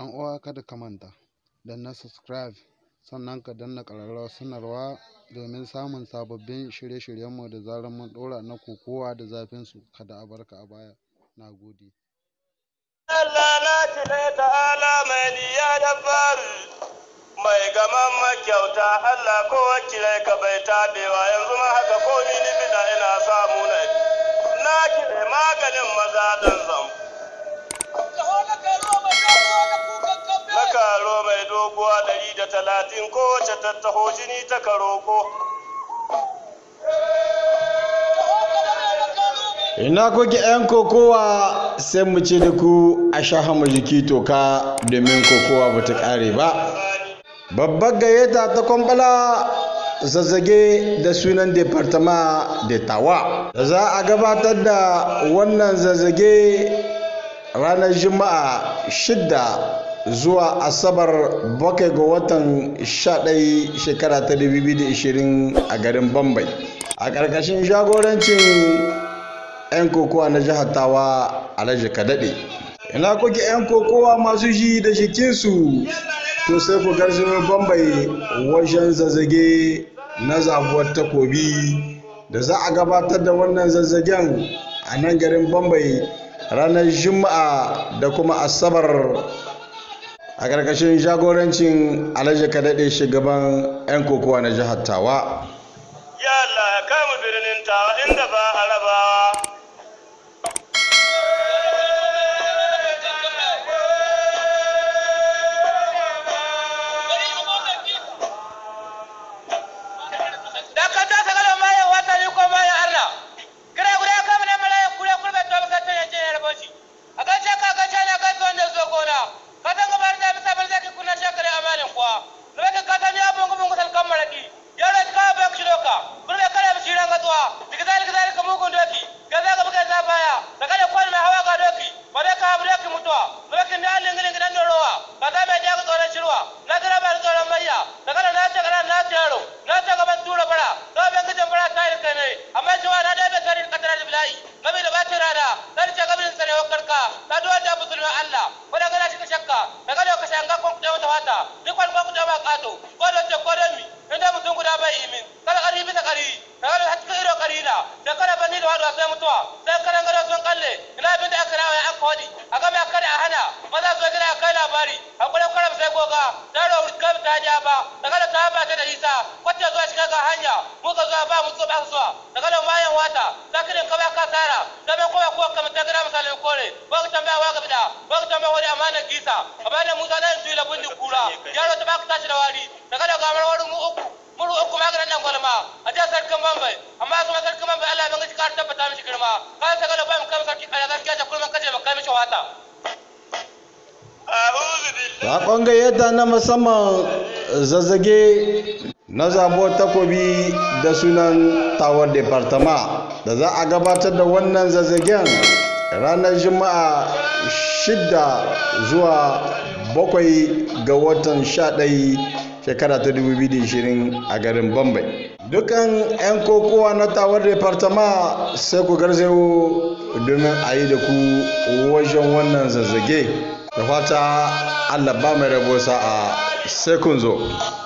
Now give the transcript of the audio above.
dan uwa kada ka manta da na subscribe sannan ka danna ƙararrawar sanarwa domin samun sababbin shirye-shiryenmu da zarar mun ɗora na kokowa da zafin su kada a barka a baya na gode mai gaman makyauta Allah ko wakilai ka bai tabewa yanzu ma haka komi ni bida ina samu na na kire maganin maza don zambo talatin wace tattaho jini ta karoko ina kuke 'yan kokowa sai mu ce da ku a sha hama jiki toka domin kokowa ba ta ƙare ba babbar gayyata ta kwambala zazzage da sunan departama da tawa da za a gabatar da wannan zazzage ranar juma'a shidda zuwa asabar bakwai ga watan 11 shekara ta 2020 a garin bambai a ƙarƙashin jagorancin 'yan kokowa na jihar tawa alhaji kadaɗe ina kuke 'yan kokowa masu shi da shikinsu to sai ku garzo bambai wajen zazzage na zabuwar takobi da za a gabatar da wannan zazzagen a nan garin bambai ranar juma'a da kuma asabar a ƙarƙashin jagorancin alhaji daɗe shugaban 'yan kokowa na jihar tawa Yalla ya kama birnin tawa inda ba a rabawa kodami inda mutum guda bai imin kala kari bisa kari kala hakika iro kari na da kala bani da wadwa sai mutuwa sai karan gado sun kalle ina abin da aka rawa ya aka wadi a gama kada a hana maza su jira kai labari a kula kwarab sai goga daro wurkar ta ja ba da kala ta ba ta da isa wacce zuwa shiga ga hanya muka zuwa ba mu tsoba zuwa da kala mayan wata lakirin kaba ka tsara zaman kowa ko kamar ta gara misalin kore ba ka tambaya wa ga bida ba ka tambaya wani amana kisa a bayan musa da su yi labun kura yaro ta ba ka tashi da wari Sakon yadda na musamman zazzage na zabo takobi da sunan tawar departama da za a gabatar da wannan zazzagen ranar juma'a 6 zuwa bakwai ga watan 11 shekara ta 2020 a garin bambai dukan 'yan kokowa na tawar departama sai ku garzewo domin a yi da ku wajen wannan zazzage da fata allah ba mai rabo sa'a sai kun zo